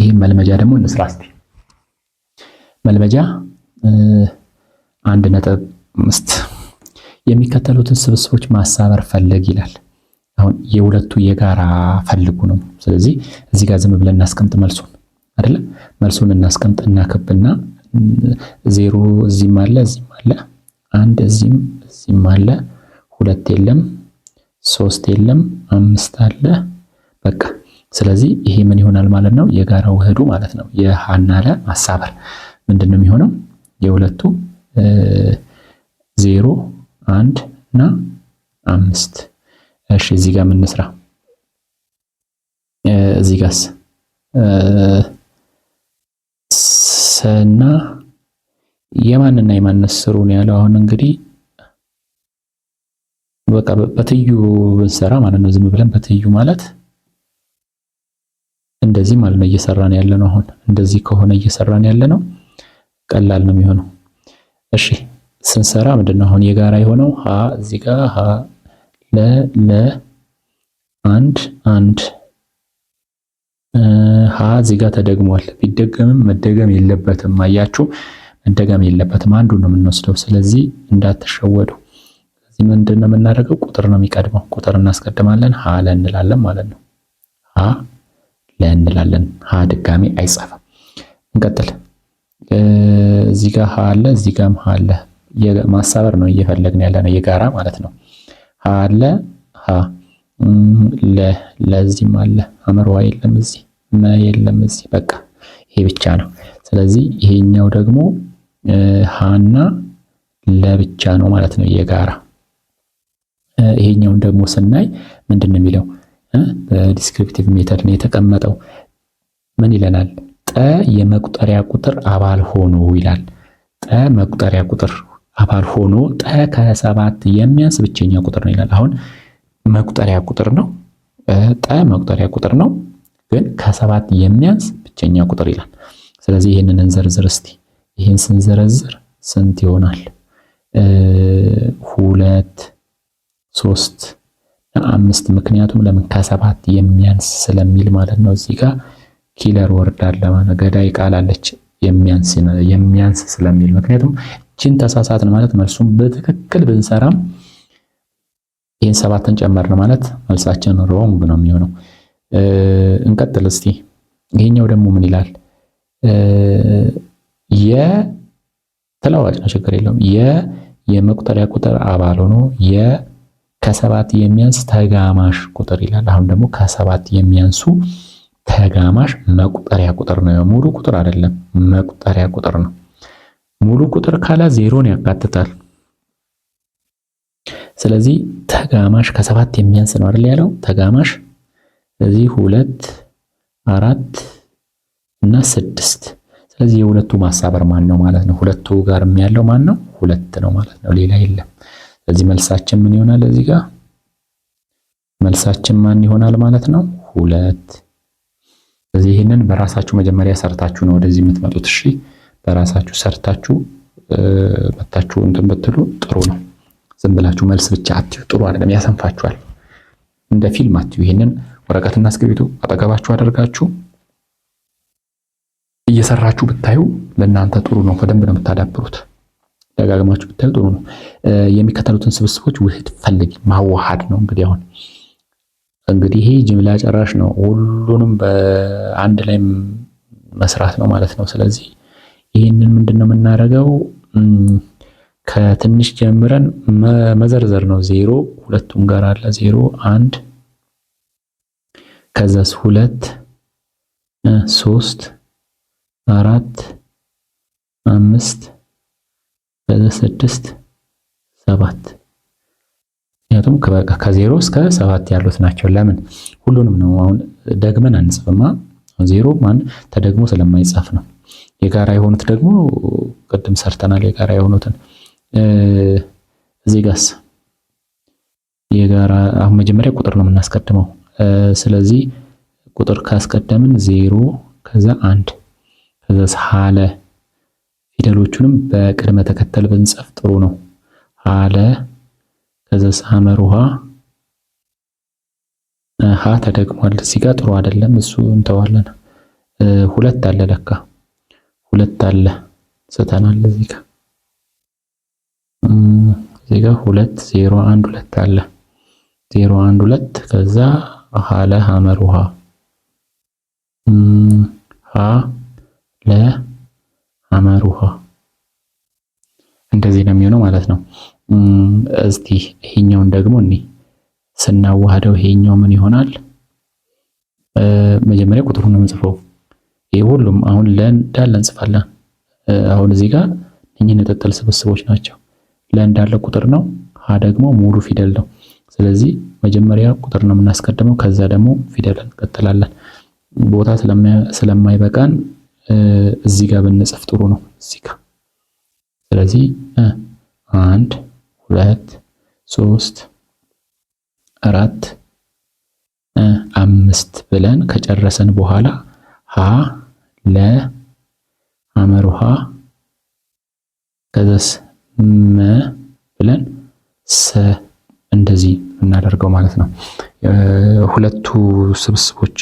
ይህም መልመጃ ደግሞ እንስራ እስቲ። መልመጃ አንድ ነጥብ አምስት የሚከተሉትን ስብስቦች ማሳበር ፈልግ ይላል። አሁን የሁለቱ የጋራ ፈልጉ ነው። ስለዚህ እዚህ ጋር ዝም ብለን እናስቀምጥ መልሱን አይደለ? መልሱን እናስቀምጥ እናከብና ዜሮ እዚህም አለ እዚህም አለ አንድ እዚህም እዚህም አለ ሁለት የለም ሶስት የለም አምስት አለ በቃ ስለዚህ ይሄ ምን ይሆናል ማለት ነው? የጋራ ውህዱ ማለት ነው የሀና ለ ማሳበር ምንድን ነው የሚሆነው? የሁለቱ ዜሮ አንድ እና አምስት። እሺ እዚህ ጋር ምን ስራ እዚህ ጋርስ ሰና የማንና የማን ስሩ ነው ያለው። አሁን እንግዲህ በቃ በትዩ ብንሰራ ማለት ነው ዝም ብለን በትዩ ማለት እንደዚህ ማለት ነው እየሰራን ያለ ነው። አሁን እንደዚህ ከሆነ እየሰራን ያለ ነው ቀላል ነው የሚሆነው። እሺ ስንሰራ ምንድነው አሁን የጋራ የሆነው ሀ እዚህ ጋር ሀ ለ ለ አንድ አንድ ሀ እዚህ ጋር ተደግሟል። ቢደገምም መደገም የለበትም አያችሁ፣ መደገም የለበትም አንዱ ነው የምንወስደው። ስለዚህ እንዳትሸወዱ። ስለዚህ ምንድነው የምናደርገው ቁጥር ነው የሚቀድመው። ቁጥር እናስቀድማለን ሀ ለ እንላለን ማለት ነው ሀ ለእንላለን ሀ ድጋሚ አይጻፍም። እንቀጥል። እዚህ ጋር ሀ አለ፣ እዚህ ጋርም ሀ አለ። ማሳበር ነው እየፈለግን ያለ ነው የጋራ ማለት ነው። ሀ አለ ሀ ለ ለዚህም አለ አመር ዋ የለም እዚህ መ የለም እዚህ በቃ ይሄ ብቻ ነው። ስለዚህ ይሄኛው ደግሞ ሀና ለብቻ ነው ማለት ነው የጋራ። ይሄኛውን ደግሞ ስናይ ምንድን ነው የሚለው በዲስክሪፕቲቭ ሜተድ ነው የተቀመጠው። ምን ይለናል? ጠ የመቁጠሪያ ቁጥር አባል ሆኖ ይላል። ጠ መቁጠሪያ ቁጥር አባል ሆኖ ጠ ከሰባት የሚያንስ ብቸኛ ቁጥር ነው ይላል። አሁን መቁጠሪያ ቁጥር ነው። ጠ መቁጠሪያ ቁጥር ነው፣ ግን ከሰባት የሚያንስ ብቸኛ ቁጥር ይላል። ስለዚህ ይህንን እንዘርዝር እስቲ። ይህን ስንዘረዝር ስንት ይሆናል? ሁለት ሶስት አምስት ምክንያቱም ለምን ከሰባት የሚያንስ ስለሚል ማለት ነው። እዚህ ጋር ኪለር ወርድ አለ ማለት ገዳይ ቃል አለች የሚያንስ የሚያንስ ስለሚል ምክንያቱም እችን ተሳሳትን ማለት መልሱም በትክክል ብንሰራም ይህን ሰባትን ጨመርን ማለት መልሳችን ሮንግ ነው የሚሆነው። እንቀጥል እስቲ። ይሄኛው ደግሞ ምን ይላል? የተለዋጭ ነው ችግር የለውም። የ የመቁጠሪያ ቁጥር አባል ሆኖ የ ከሰባት የሚያንስ ተጋማሽ ቁጥር ይላል። አሁን ደግሞ ከሰባት የሚያንሱ ተጋማሽ መቁጠሪያ ቁጥር ነው። ሙሉ ቁጥር አይደለም፣ መቁጠሪያ ቁጥር ነው። ሙሉ ቁጥር ካለ ዜሮን ያካትታል። ስለዚህ ተጋማሽ ከሰባት የሚያንስ ነው አይደል ያለው ተጋማሽ። እዚህ ሁለት አራት እና ስድስት። ስለዚህ የሁለቱ ማሳበር ማን ነው ማለት ነው? ሁለቱ ጋርም ያለው ማን ነው? ሁለት ነው ማለት ነው። ሌላ የለም። ስለዚህ መልሳችን ምን ይሆናል? እዚህ ጋር መልሳችን ማን ይሆናል ማለት ነው? ሁለት። ስለዚህ ይህንን በራሳችሁ መጀመሪያ ሰርታችሁ ነው ወደዚህ የምትመጡት። እሺ በራሳችሁ ሰርታችሁ መታችሁ እንትን ብትሉ ጥሩ ነው። ዝም ብላችሁ መልስ ብቻ አትዩ፣ ጥሩ አይደለም፣ ያሰንፋችኋል። እንደ ፊልም አትዩ። ይህንን ወረቀትና እስክሪብቶ አጠገባችሁ አደርጋችሁ እየሰራችሁ ብታዩ ለእናንተ ጥሩ ነው። በደንብ ነው የምታዳብሩት። ደጋግማችሁ ብታዩ ጥሩ ነው። የሚከተሉትን ስብስቦች ውህድ ፈልግ። ማዋሃድ ነው እንግዲህ አሁን እንግዲህ ይሄ ጅምላ ጨራሽ ነው። ሁሉንም በአንድ ላይ መስራት ነው ማለት ነው። ስለዚህ ይህንን ምንድን ነው የምናደርገው? ከትንሽ ጀምረን መዘርዘር ነው። ዜሮ ሁለቱም ጋር አለ። ዜሮ አንድ፣ ከዛስ ሁለት፣ ሶስት፣ አራት፣ አምስት፣ ከዛ ስድስት ሰባት ምክንያቱም ከዜሮ እስከ ሰባት ያሉት ናቸው። ለምን ሁሉንም ነው። አሁን ደግመን አንጽፍማ ዜሮ ማን ተደግሞ ስለማይጻፍ ነው። የጋራ የሆኑት ደግሞ ቅድም ሰርተናል። የጋራ የሆኑትን እዚህ ጋስ የጋራ አሁን መጀመሪያ ቁጥር ነው የምናስቀድመው። ስለዚህ ቁጥር ካስቀደምን ዜሮ ከዛ አንድ ከዛ ሳለ ፊደሎቹንም በቅድመ ተከተል ብንጽፍ ጥሩ ነው። አለ ከዛ ሳመር ውሃ ሀ ተደግሟል። እዚህ ጋር ጥሩ አይደለም፣ እሱ እንተዋለን። ሁለት አለ ለካ ሁለት አለ ስተናል። እዚህ ጋር እዚህ ጋር ሁለት ዜሮ አንድ ሁለት አለ ዜሮ አንድ ሁለት ከዛ ሀለ ሀመር ውሃ ሀ ለ ሀመር ውሃ ማለት ነው። እስቲ ይሄኛውን ደግሞ እኔ ስናዋህደው ይሄኛው ምን ይሆናል? መጀመሪያ ቁጥሩን ነው የምንጽፈው። ይሄ ሁሉም አሁን ለእንዳለ እንጽፋለን። አሁን እዚህ ጋር እኚህ ነጠጠል ስብስቦች ናቸው። ለእንዳለ ቁጥር ነው፣ ሀ ደግሞ ሙሉ ፊደል ነው። ስለዚህ መጀመሪያ ቁጥር ነው የምናስቀድመው፣ ከዛ ደግሞ ፊደል እንቀጥላለን። ቦታ ስለማይበቃን እዚህ ጋር ብንጽፍ ጥሩ ነው። እዚህ ጋር ስለዚህ አንድ ሁለት ሶስት አራት አምስት ብለን ከጨረሰን በኋላ ሀ ለ አመር ውሃ ከዘስ መ ብለን ሰ እንደዚህ እናደርገው ማለት ነው። ሁለቱ ስብስቦች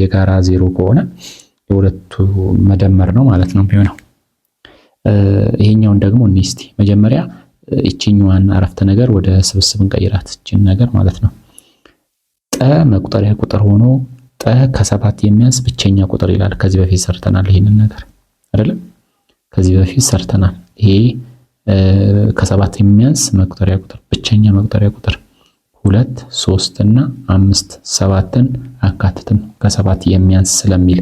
የጋራ ዜሮ ከሆነ የሁለቱ መደመር ነው ማለት ነው የሚሆነው። ይሄኛውን ደግሞ እንስቲ መጀመሪያ ይችኛዋን አረፍተ ነገር ወደ ስብስብ እንቀይራት ይችን ነገር ማለት ነው። ጠ መቁጠሪያ ቁጥር ሆኖ ጠ ከሰባት የሚያንስ ብቸኛ ቁጥር ይላል። ከዚህ በፊት ሰርተናል ይሄንን ነገር አይደለም? ከዚህ በፊት ሰርተናል። ይሄ ከሰባት የሚያንስ መቁጠሪያ ቁጥር ብቸኛ መቁጠሪያ ቁጥር ሁለት፣ ሶስት እና አምስት ሰባትን አካትትም ከሰባት የሚያንስ ስለሚል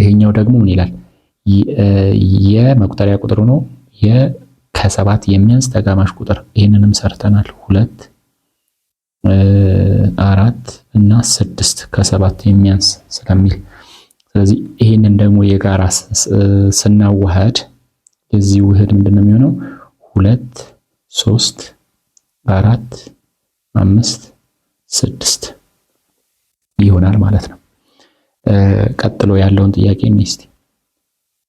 ይሄኛው ደግሞ ምን ይላል? የመቁጠሪያ ቁጥር ሆኖ ከሰባት የሚያንስ ተጋማሽ ቁጥር ይህንንም ሰርተናል። ሁለት አራት እና ስድስት ከሰባት የሚያንስ ስለሚል ስለዚህ ይህንን ደግሞ የጋራ ስናዋሃድ የዚህ ውህድ ምንድን ነው የሚሆነው? ሁለት ሶስት አራት አምስት ስድስት ይሆናል ማለት ነው። ቀጥሎ ያለውን ጥያቄ ሚስቲ